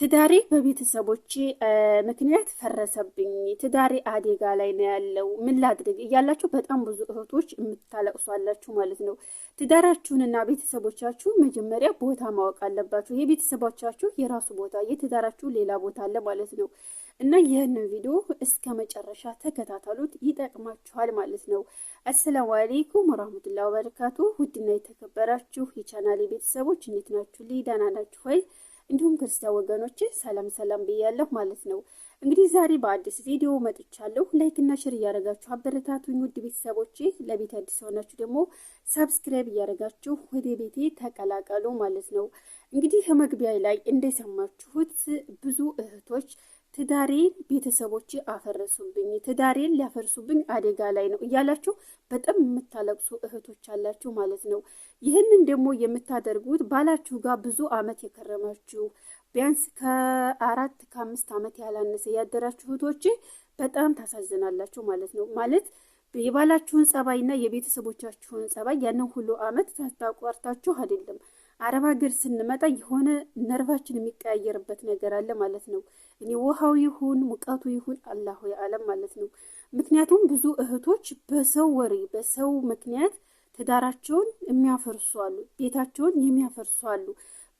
ትዳሬ በቤተሰቦቼ ምክንያት ፈረሰብኝ። ትዳሬ አደጋ ላይ ነው ያለው፣ ምን ላድርግ እያላችሁ በጣም ብዙ እህቶች የምታለቅሷላችሁ ማለት ነው። ትዳራችሁንና ቤተሰቦቻችሁ መጀመሪያ ቦታ ማወቅ አለባችሁ። የቤተሰቦቻችሁ የራሱ ቦታ፣ የትዳራችሁ ሌላ ቦታ አለ ማለት ነው። እና ይህንን ቪዲዮ እስከ መጨረሻ ተከታተሉት፣ ይጠቅማችኋል ማለት ነው። አሰላሙ አሌይኩም ወራህመቱላ ወበረካቱ። ውድና የተከበራችሁ የቻናሌ ቤተሰቦች እንዴት ናችሁ? ደህና ናችሁ ወይ? እንዲሁም ክርስቲያን ወገኖች ሰላም ሰላም ብያለሁ ማለት ነው። እንግዲህ ዛሬ በአዲስ ቪዲዮ መጥቻለሁ። ላይክና ሽር እያደረጋችሁ አበረታቱኝ ውድ ቤተሰቦች። ለቤት አዲስ የሆናችሁ ደግሞ ሰብስክራይብ እያደረጋችሁ ወደ ቤቴ ተቀላቀሉ ማለት ነው። እንግዲህ ከመግቢያ ላይ እንደሰማችሁት ብዙ እህቶች ትዳሬን ቤተሰቦች አፈረሱብኝ፣ ትዳሬን ሊያፈርሱብኝ አደጋ ላይ ነው እያላችሁ በጣም የምታለቅሱ እህቶች አላችሁ ማለት ነው። ይህንን ደግሞ የምታደርጉት ባላችሁ ጋር ብዙ አመት የከረማችሁ ቢያንስ ከአራት ከአምስት አመት ያላነሰ ያደራችሁ እህቶች በጣም ታሳዝናላችሁ ማለት ነው። ማለት የባላችሁን ጸባይና የቤተሰቦቻችሁን ጸባይ ያንን ሁሉ አመት ታቋርታችሁ አይደለም አረብ ሀገር ስንመጣ የሆነ ነርቫችን የሚቀያየርበት ነገር አለ ማለት ነው። እኔ ውሃው ይሁን ሙቀቱ ይሁን አላሁ የዓለም ማለት ነው። ምክንያቱም ብዙ እህቶች በሰው ወሬ በሰው ምክንያት ትዳራቸውን የሚያፈርሱ አሉ፣ ቤታቸውን የሚያፈርሱ አሉ።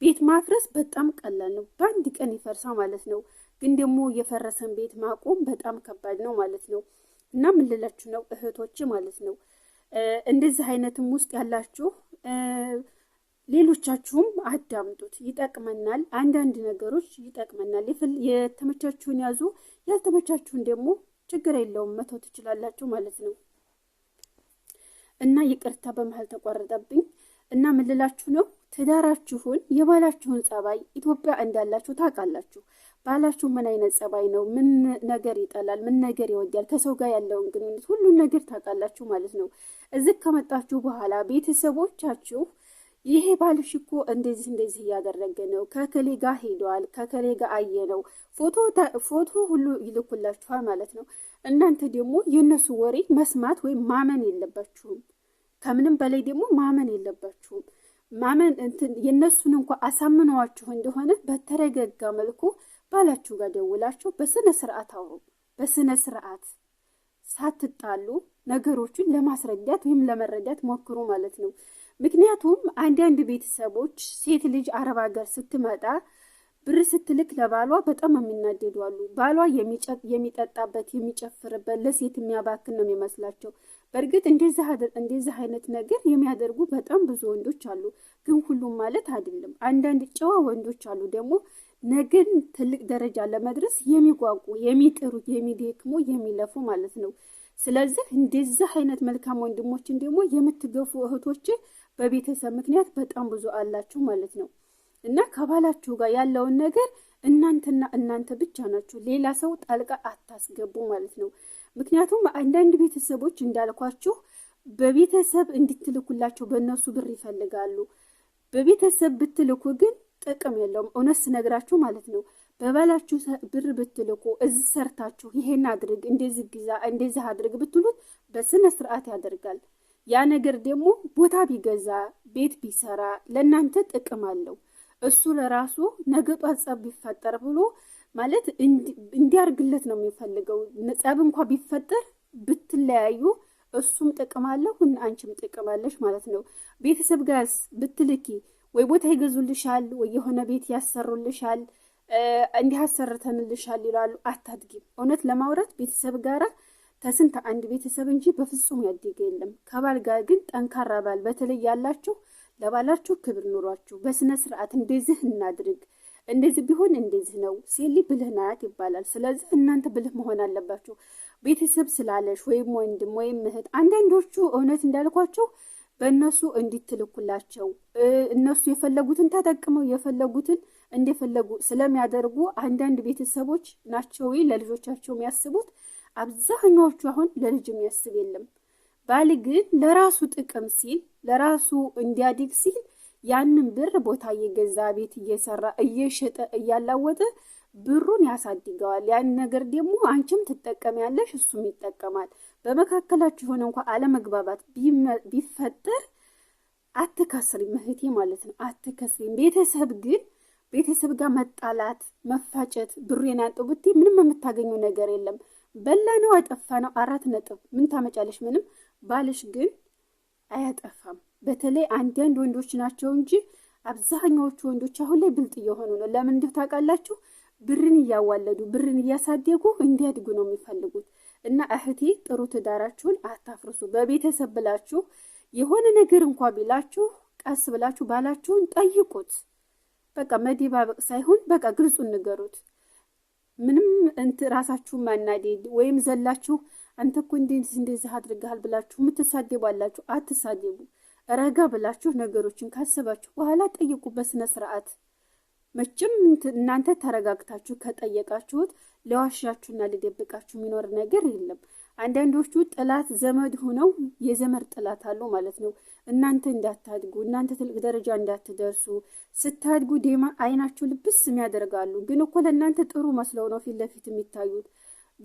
ቤት ማፍረስ በጣም ቀላል ነው፣ በአንድ ቀን ይፈርሳ ማለት ነው። ግን ደግሞ የፈረሰን ቤት ማቆም በጣም ከባድ ነው ማለት ነው። እና ምን ልላችሁ ነው እህቶች ማለት ነው እንደዚህ አይነትም ውስጥ ያላችሁ ሌሎቻችሁም አዳምጡት፣ ይጠቅመናል። አንዳንድ ነገሮች ይጠቅመናል። የተመቻችሁን ያዙ፣ ያልተመቻችሁን ደግሞ ችግር የለውም መተው ትችላላችሁ ማለት ነው። እና ይቅርታ በመሀል ተቋረጠብኝ። እና ምልላችሁ ነው ትዳራችሁን የባላችሁን ጸባይ ኢትዮጵያ እንዳላችሁ ታውቃላችሁ። ባላችሁ ምን አይነት ጸባይ ነው? ምን ነገር ይጠላል? ምን ነገር ይወዳል? ከሰው ጋር ያለውን ግንኙነት ሁሉን ነገር ታውቃላችሁ ማለት ነው። እዚህ ከመጣችሁ በኋላ ቤተሰቦቻችሁ ይሄ ባልሽ እኮ እንደዚህ እንደዚህ እያደረገ ነው፣ ከከሌ ጋር ሄደዋል፣ ከከሌ ጋር አየ ነው ፎቶ ሁሉ ይልኩላችኋል ማለት ነው። እናንተ ደግሞ የእነሱ ወሬ መስማት ወይም ማመን የለባችሁም። ከምንም በላይ ደግሞ ማመን የለባችሁም። ማመን የእነሱን እንኳ አሳምነዋችሁ እንደሆነ በተረጋጋ መልኩ ባላችሁ ጋር ደውላችሁ በስነ ስርዓት አውሩ። በስነ ስርዓት ሳትጣሉ ነገሮችን ለማስረዳት ወይም ለመረዳት ሞክሩ ማለት ነው። ምክንያቱም አንዳንድ ቤተሰቦች ሴት ልጅ አረብ ሀገር ስትመጣ ብር ስትልክ ለባሏ በጣም የሚናደዱ አሉ። ባሏ የሚጠጣበት የሚጨፍርበት፣ ለሴት የሚያባክን ነው የሚመስላቸው። በእርግጥ እንደዚህ አይነት ነገር የሚያደርጉ በጣም ብዙ ወንዶች አሉ፣ ግን ሁሉም ማለት አይደለም። አንዳንድ ጨዋ ወንዶች አሉ ደግሞ ነገን ትልቅ ደረጃ ለመድረስ የሚጓጉ የሚጥሩ፣ የሚደክሙ፣ የሚለፉ ማለት ነው። ስለዚህ እንደዚህ አይነት መልካም ወንድሞችን ደግሞ የምትገፉ እህቶችን በቤተሰብ ምክንያት በጣም ብዙ አላችሁ ማለት ነው። እና ከባላችሁ ጋር ያለውን ነገር እናንተና እናንተ ብቻ ናችሁ፣ ሌላ ሰው ጣልቃ አታስገቡ ማለት ነው። ምክንያቱም አንዳንድ ቤተሰቦች እንዳልኳችሁ በቤተሰብ እንድትልኩላቸው በእነሱ ብር ይፈልጋሉ። በቤተሰብ ብትልኩ ግን ጥቅም የለውም። እውነት ስነግራችሁ ማለት ነው። በባላችሁ ብር ብትልኩ እዚህ ሰርታችሁ ይሄን አድርግ እንደዚህ ግዛ እንደዚህ አድርግ ብትሉት በስነ ስርዓት ያደርጋል። ያ ነገር ደግሞ ቦታ ቢገዛ ቤት ቢሰራ ለእናንተ ጥቅም አለው። እሱ ለራሱ ነገጧ ጸብ ቢፈጠር ብሎ ማለት እንዲያርግለት ነው የሚፈልገው። ጸብ እንኳ ቢፈጠር ብትለያዩ እሱም ጥቅም አለሁ እና አንቺም ጥቅም ማለት ነው። ቤተሰብ ጋርስ ብትልኪ ወይ ቦታ ይገዙልሻል፣ ወይ የሆነ ቤት ያሰሩልሻል፣ እንዲህ አሰርተንልሻል ይላሉ። አታድጊም። እውነት ለማውራት ቤተሰብ ጋራ ከስንት አንድ ቤተሰብ እንጂ በፍጹም ያደገ የለም። ከባል ጋር ግን ጠንካራ ባል በተለይ ያላችሁ ለባላችሁ ክብር ኑሯችሁ በስነ ስርዓት እንደዚህ እናድርግ፣ እንደዚህ ቢሆን እንደዚህ ነው ሴሊ ብልህ ናት ይባላል። ስለዚህ እናንተ ብልህ መሆን አለባችሁ። ቤተሰብ ስላለሽ ወይም ወንድም ወይም እህት፣ አንዳንዶቹ እውነት እንዳልኳቸው በእነሱ እንዲትልኩላቸው እነሱ የፈለጉትን ተጠቅመው የፈለጉትን እንደፈለጉ ስለሚያደርጉ አንዳንድ ቤተሰቦች ናቸው ለልጆቻቸው የሚያስቡት አብዛኛዎቹ አሁን ለልጅ የሚያስብ የለም። ባል ግን ለራሱ ጥቅም ሲል ለራሱ እንዲያድግ ሲል ያንን ብር ቦታ እየገዛ ቤት እየሰራ እየሸጠ እያላወጠ ብሩን ያሳድገዋል። ያን ነገር ደግሞ አንቺም ትጠቀሚያለሽ፣ እሱም ይጠቀማል። በመካከላችሁ የሆነ እንኳ አለመግባባት ቢፈጠር አትከስሪም እህቴ ማለት ነው፣ አትከስሪም። ቤተሰብ ግን ቤተሰብ ጋር መጣላት፣ መፋጨት፣ ብሬን ያንጠው ብቴ ምንም የምታገኙ ነገር የለም። በላነው አጠፋነው አራት ነጥብ ምን ታመጫለሽ? ምንም ባልሽ ግን አያጠፋም። በተለይ አንዳንድ ወንዶች ናቸው እንጂ አብዛኛዎቹ ወንዶች አሁን ላይ ብልጥ እየሆኑ ነው። ለምን እንዲሁ ታውቃላችሁ? ብርን እያዋለዱ ብርን እያሳደጉ እንዲያድጉ ነው የሚፈልጉት። እና እህቴ ጥሩ ትዳራችሁን አታፍርሱ። በቤተሰብ ብላችሁ የሆነ ነገር እንኳ ቢላችሁ ቀስ ብላችሁ ባላችሁን ጠይቁት። በቃ መደባበቅ ሳይሆን በቃ ግልጹን ንገሩት። ምንም እንት ራሳችሁ ማናደድ ወይም ዘላችሁ አንተ እኮ እንደዚህ እንደዚህ አድርገሃል ብላችሁ የምትሳደቡ አላችሁ። አትሳደቡ። ረጋ ብላችሁ ነገሮችን ካሰባችሁ በኋላ ጠይቁ በስነ ስርዓት። መቼም እናንተ ተረጋግታችሁ ከጠየቃችሁት ሊዋሻችሁና ሊደብቃችሁ የሚኖር ነገር የለም። አንዳንዶቹ ጠላት ዘመድ ሆነው የዘመድ ጠላት አሉ ማለት ነው። እናንተ እንዳታድጉ፣ እናንተ ትልቅ ደረጃ እንዳትደርሱ ስታድጉ ዴማ አይናቸው ልብስ የሚያደርጋሉ። ግን እኮ ለእናንተ ጥሩ መስለው ነው ፊት ለፊት የሚታዩት፣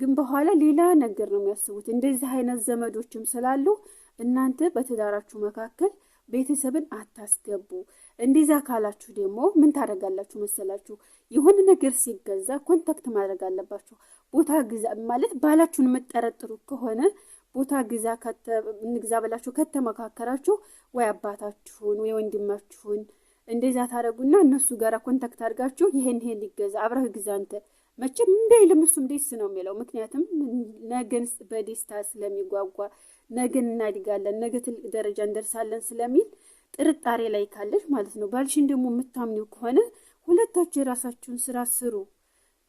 ግን በኋላ ሌላ ነገር ነው የሚያስቡት። እንደዚህ አይነት ዘመዶችም ስላሉ እናንተ በትዳራችሁ መካከል ቤተሰብን አታስገቡ። እንደዛ ካላችሁ ደግሞ ምን ታደርጋላችሁ መሰላችሁ? የሆነ ነገር ሲገዛ ኮንታክት ማድረግ አለባችሁ። ቦታ ግዛ ማለት ባላችሁን የምጠረጥሩ ከሆነ ቦታ ግዛ ንግዛ ብላችሁ ከተመካከራችሁ ወይ አባታችሁን ወይ ወንድማችሁን እንደዛ ታደረጉና እነሱ ጋር ኮንታክት አድርጋችሁ ይሄን ይሄን ይገዛ አብረህ ግዛ አንተ መቼም እንደ ለምሱም ደስ ነው የሚለው ምክንያቱም ነገን በደስታ ስለሚጓጓ ነገን እናድጋለን፣ ነገ ትልቅ ደረጃ እንደርሳለን ስለሚል ጥርጣሬ ላይ ካለች ማለት ነው። ባልሽን ደግሞ የምታምኒው ከሆነ ሁለታችሁ የራሳችሁን ስራ ስሩ።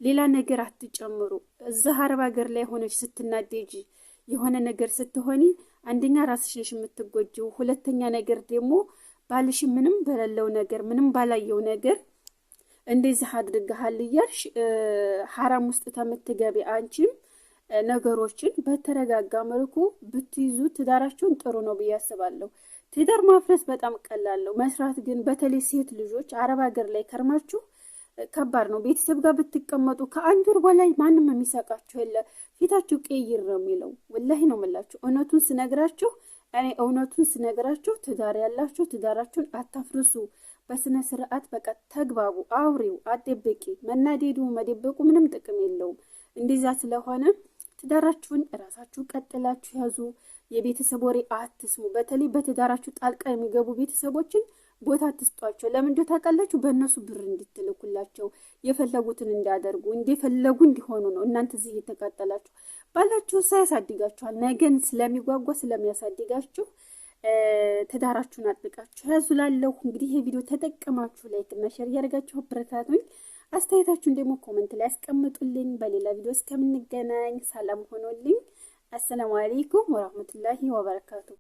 ሌላ ነገር አትጨምሩ። እዛ አረብ ሀገር ላይ ሆነች ስትናደጂ የሆነ ነገር ስትሆኒ አንደኛ ራስሽንሽ የምትጎጂው፣ ሁለተኛ ነገር ደግሞ ባልሽ ምንም በሌለው ነገር ምንም ባላየው ነገር እንደዚህ አድርገሃል እያልሽ ሀራም ውስጥ ተምትገቢ አንቺም ነገሮችን በተረጋጋ መልኩ ብትይዙ ትዳራችሁን ጥሩ ነው ብዬ አስባለሁ። ትዳር ማፍረስ በጣም ቀላለሁ፣ መስራት ግን በተለይ ሴት ልጆች አረብ ሀገር ላይ ከርማችሁ ከባድ ነው። ቤተሰብ ጋር ብትቀመጡ ከአንድ ወር በላይ ማንም የሚሰቃችሁ የለ። ፊታችሁ ቀይር ነው የሚለው። ወላሂ ነው የምላችሁ። እውነቱን ስነግራችሁ እኔ እውነቱን ስነግራችሁ ትዳር ያላችሁ ትዳራችሁን አታፍርሱ። በስነ ስርዓት በቃ ተግባቡ፣ አውሪው፣ አደብቂ። መናደዱ መደበቁ ምንም ጥቅም የለውም። እንደዛ ስለሆነ ትዳራችሁን እራሳችሁ ቀጥላችሁ ያዙ። የቤተሰብ ወሬ አትስሙ። በተለይ በትዳራችሁ ጣልቃ የሚገቡ ቤተሰቦችን ቦታ ትስጧቸው ለምንድ ታውቃላችሁ? በእነሱ ብር እንድትልኩላቸው የፈለጉትን እንዲያደርጉ እንደፈለጉ እንዲሆኑ ነው። እናንተ እዚህ እየተቃጠላችሁ ባላችሁ ሳ ያሳድጋችኋል። ነገን ስለሚጓጓ ስለሚያሳድጋችሁ ትዳራችሁን አጥብቃችሁ ያዙ። ላለሁ እንግዲህ ይህ ቪዲዮ ተጠቀማችሁ ላይክ እና ሸር እያደረጋችሁ አበረታቱኝ። አስተያየታችሁን ደግሞ ኮመንት ላይ ያስቀምጡልኝ። በሌላ ቪዲዮ እስከምንገናኝ ሰላም ሆኖልኝ። አሰላሙ አሌይኩም ወራህመቱላሂ ወበረካቱ።